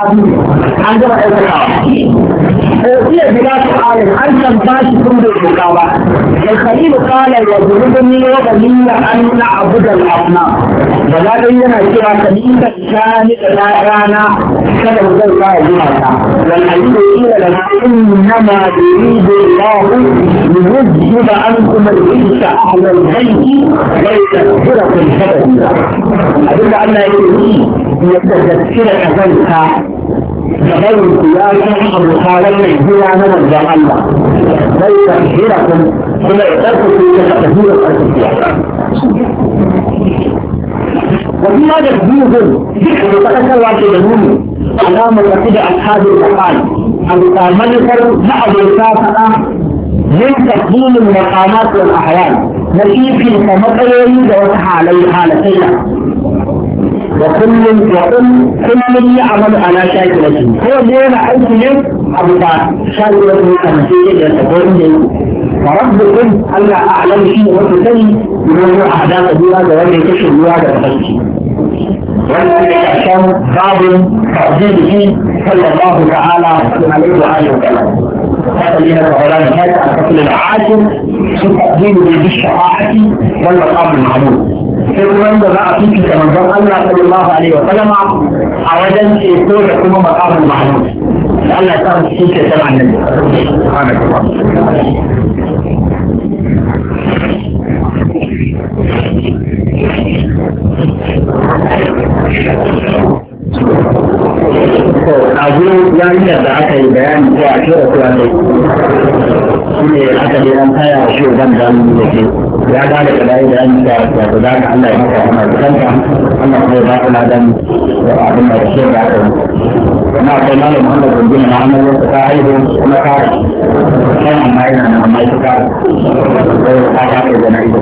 an gama ɗaukakawa. Ofiya bila su ayin an san ba shi kun bai doka ba. Mai khalilu kala ya zuru da ni wa da niyya an na abu da lafna. Da za ta yana cewa ka niyya ta ni da na rana kada mu zai kaya zuwa ta. Wal halilu ila da na inna ma yuridu Allahu liyuzhiba ankum al-rijsa ahla al-bayti wa yutahhirakum tabira. Abinda Allah yake yi يتذكر أذنها فغير قياسا أو خالي هنا من الجمع الله بل تحذيركم كما اعترفوا في تحذير الأسفياء وفي هذا الجزء ذكر تتكلم عن الجنون علامة تقيد أصحاب المقال المقال من يقول بعد الكافة من تقديم المقامات والأحوال نتيجة كمقيم وتحالي حالتين وكل وكل كل يعمل على شاكلته هو دين عيسى عبد شاكلته تمثيل يتكون فربكم ألا أعلم شيء وتسلي من أحداث بها ومن يكشف بها وتسلي عشان أحكام باب تعزيزه صلى الله تعالى عليه وآله وسلم فسلينا فعلان الناس العاشر قتل العاجل في التقديم بالشفاعة والمقام المعلوم sai ruwan da za a fice da manzon Allah sallallahu alaihi wa sallama a wajen ceto da kuma makamin mahallu Allah ya samu cikin ceton annabi abu yarinyar da aka yi bayani ko a cewa kuwa dai shi ne aka yi an taya shi uban da ke ya ba da kadai da an ta da guda Allah ya maka kana kanka Allah ya ba ka ladan da abin da shi da na kai na da muhammad bin bin na amma ta haihu kuma ta kai amma yana na amma ita ta ta ta kai da na ita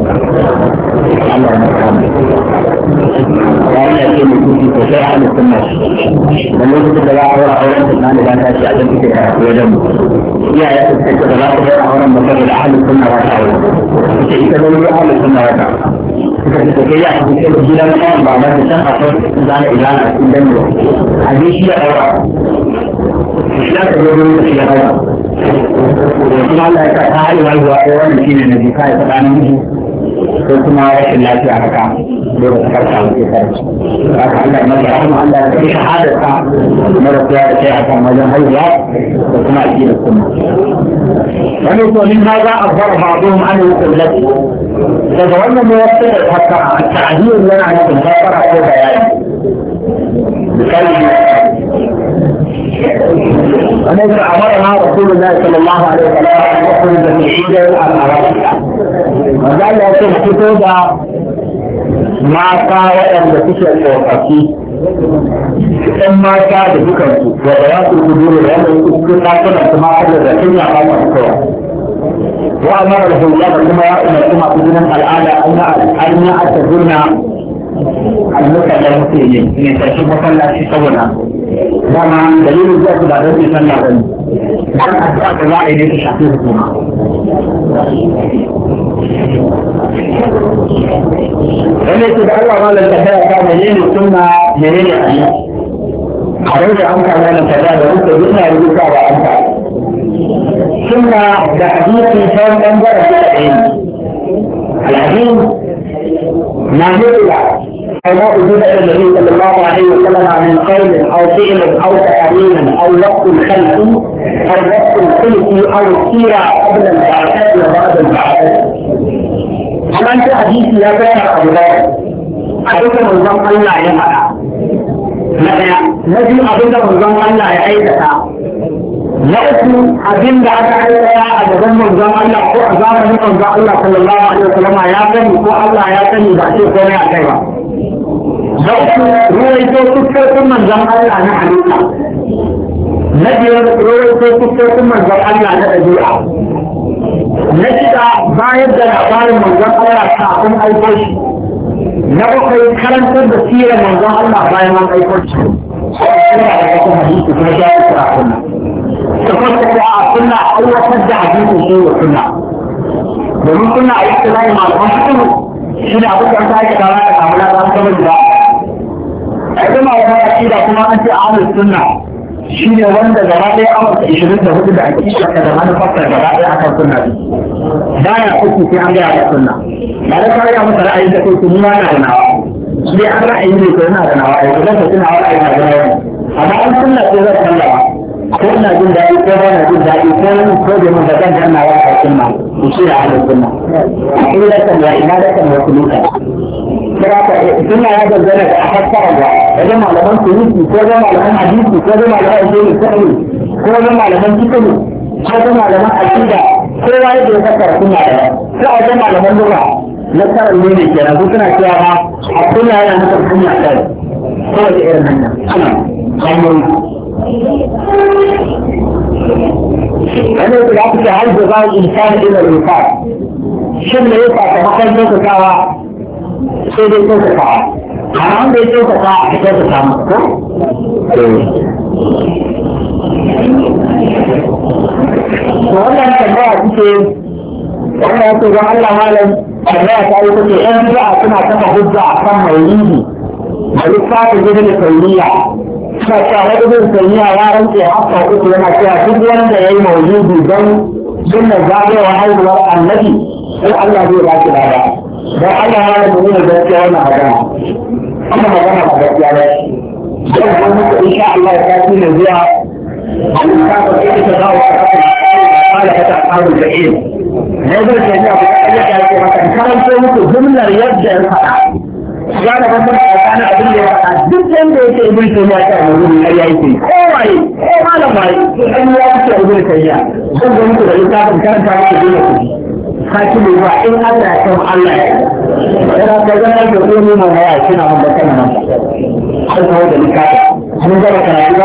Allah ya rahama ya yi ake mutunci sosai a hannun sunna da lokacin da za a wara auren sunna da ta ce a can suke karatu wajen mu iyaye su suke da za su wara auren ba saboda ahlus sunna ba ta aure ita ita da wuri ahlus sunna ba ta suka fi tafiya a cikin gidan kan babar da can akwai zana ilana a cikin dandu a je shi ya ɗaura shi ya ɗaura wurin shi ya ɗaura kuma Allah ya ta haihuwa ko wannan shi ne na jika ya tsakanin miji ko kuma rashin lafiya haka دون فرقة فرقة ما يعلم أن لا في شهادة مرة زيادة شيئا ما ينهي وسمع الدين السنة ونقول لماذا أخبر بعضهم عن القبلة تتولى موصلة حتى التعديل لنا عن القبلة فرع كذا يعني أليس أمرنا رسول الله صلى الله عليه وسلم أن نخرج من عيد الأرض وقال لا تحكي mata waɗanda suke tsofaffi ɗan mata da dukansu da da ya su kudu da wanda su suke ɗakunan su ma kada da kanya ba ta fitowa wa amara da hujja da kuma ya umarci masu jinin al'ada an yi aka zurna annukan da muke yi ne tashi masallaci saboda dama dalilin zuwa su ba don su sallah ba ne za a yi ne su shafi hukuma wanda ke da Allah malam ta kaya ta menene sunna menene hadisi a dai da an kama nan kaza da rubuta yana rubuta ba an ka sunna da hadisi ta bangaren da ɗaya ne alhadin na nufila وما أجيب إلى النبي صلى الله عليه وسلم عن قول أو فعل أو تعليم أو وقت خلفي أو وقت خلفي أو سيرة قبل البعثات وبعد البعثات. أنا في حديث يا باشا أبو بكر أن منظم الله يفعل. نجم أبوك منظم الله يعيدها. na uku abin da aka aikata a gaban manzon Allah ko a zamanin manzon Allah sallallahu alaihi wasallam ya sani ko Allah ya sani ba sai komai a kai ba ruwai uku ruwaito fuskokin manzan Allah na halitta na biyar ruwai ruwaito fuskokin manzan Allah na ɗabi'a na shida bayar da labarin manzan Allah kafin aiko shi na bakwai karantar da sirar manzan Allah bayan an aiko shi suna da wata hadisi kuma ya yi kira sunna ta a sunna aiwatar da hadisi shi wa sunna domin sunna a yi tsirayi malaman fitin shi ne abin da ta yi kara da samu labarin kamar a gama wa aƙida kuma an ce ahlus sunna shi ne wanda gaba ɗaya amurka ishirin da hudu da aƙida da manufarsa gaba ɗaya akan sunna ba ya kuku sai an gaya da sunna ba da kawai ya masa ra'ayi da kuku mu ma na da nawa shi dai an ra'ayi ne ko yana da nawa a yanzu zaka tuna wa ra'ayi na da nawa amma an sunna ko zan sallama ko ina jin daɗi ko ba na jin daɗi ko wani ko da mun da zan da nawa a sunna to shi da ahlus sunna a ina da kan ya ina da kan wasu mutane Berapa itulah yang berjaya ke atas sekarang ya. Ada malaman polisi, kerja malaman hadisi, kerja malaman ujian sekali, kerja malaman kita ni, kerja malaman akidah, kerja itu yang sekarang punya ya. Kerja malaman dua, lepas ini kerana bukan siapa, apa yang yang kita punya kan. Kerja yang mana? Anak, kamu. Ana yake da aka ce har da za a insani ila rufa. Shin me yasa ka makar lokacawa sai dai kyautata Allah malam tambaya ta yi yan bid'a suna kafa hujja a kan maulidi da lissafin gidan tauliya suna cewa wani gidan ya yana cewa duk wanda ya yi don sunna zagayowar haihuwar annabi sai Allah zai ba shi don Allah ya yi nuna gaskiya wannan magana wannan magana ba gaskiya ba don kuma muka insha Allah ya kafi ne zuwa an kafa sai ta dawo a kafin kala a tsarin da ke ne zai ce a abu da ya ke maka karanto muku jumlar yadda ya faɗa ya da kasar tsakanin abin da ya faɗa duk yadda yake ibn tayyiya ta yi wurin ƙarya yake kowaye ko malam waye duk an ya fice ibn tayyiya zan ga muku da littafin karanta muku dole ku hakimu ba in Allah ya san Allah ya yana ka zama da komai mai haya kina an ba kana nan da mun zama ku ji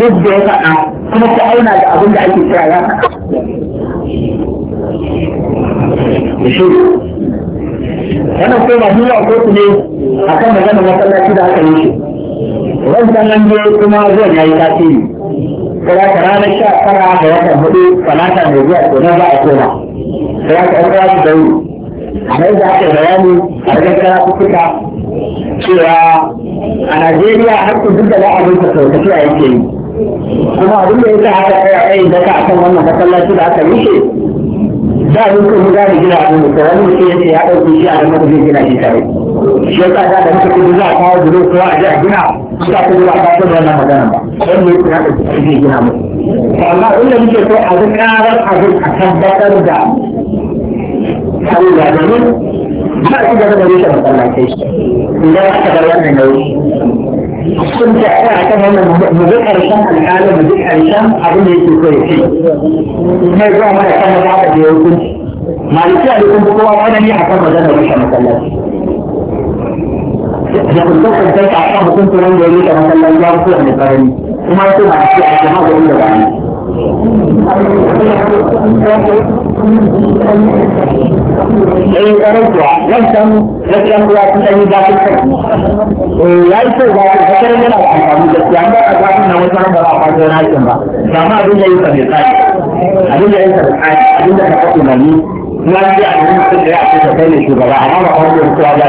yadda ya kuma ta auna da abin da ake cewa ya faɗa wannan ko ba ne akan maganar masallaci da aka yi shi wannan kuma zuwa yayi tasiri sai ka ranar sha tara da watan hudu talata mai zuwa ko na za a koma sai ka ɗan kawo da wuri a nan da aka bayani a wajen karatuka cewa a Najeriya har ku duk da za a rinka sauƙaƙi a yake yi kuma abin da yasa aka tsaya tsayin daka a kan wannan masallaci da aka rushe da mun kuma gane gina abin da wani mutum ya ce ya ɗauke shi a nan mutum zai gina shi kare shi ya tsada da muka kudu za a kawo bulo ko a ji a gina suka kudu ba ta kudu wannan magana ba don ne kuna da kuɗi zai gina mu amma inda muke so a ga ƙarar abin a tabbatar da Allah domin ba su gaba da rushe masallatai idan aka bar wannan nauyi sun ta ɗaya a kan wannan mu ga ƙarshen alƙalin mu ga ƙarshen abin da yake so ya ce mai zuwa mana kan da aka je hukunci maliki a dukkan kowa wani ne a kan maganar rushe masallatai da kusan kusan ka kan hukuncin wani karami kuma a kuma da inda ba ni. Eh ƙarar kuwa, nan kai. Eh ya yi da amfani gaskiya ba a zafin na wata ran ba a da yi yi sa bai tsaki, abin da ka da ta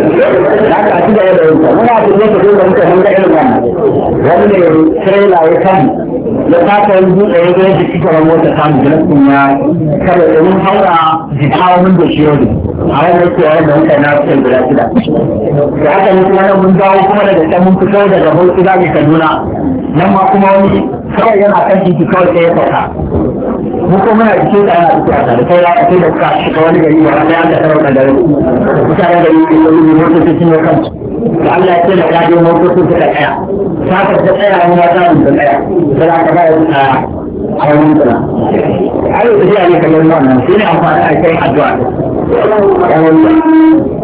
da aka ci gaba da yanka muna da yake zo da muka hanga irin wannan wani ne trela ya kan ya fata yin buɗe ya zo yake cikin wani wata da jirgin ya kada da mun haura jikawa mun da shi yau a wani yake yawon da muka na cikin guda shida da aka yi kuma mun dawo kuma daga can mun fito daga hulɗu za mu kaduna nan ma kuma wani kawai yana kan titi kawai sai ya fata mu ko muna da cikin tsaya a tsaya da kai ya kai da ka shiga wani gari ba sai an da sarauta da ruku mutane da yi da yi motocin sun yau kansu da Allah ya ce da ya je motocin suka tsaya ta ka ta tsaya ne ya samu ta tsaya sai aka ba ya tsaya a wani tsaya ai da jiya ne kallon wannan shi ne amfani a kai addu'a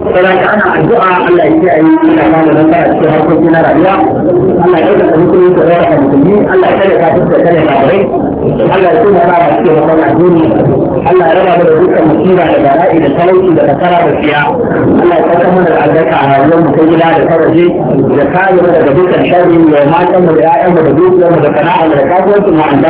فلك أنا الدعاء ألا يتعي إلى كان لنا في هذه الدنيا ألا يتعي كل سؤال المسلمين ألا يتعي كافر سؤال المسلمين Allah ya tuna ba cikin wannan addini Allah ya raba mu da dukkan musiba da bala'i da talauci da kasara da siya Allah ya saka mana da albarka a rayuwar mu ta gida da karaje da kare mu daga dukkan sharri da matan mu da ƴaƴan mu da dukiyar mu da sana'a da kasuwancin mu an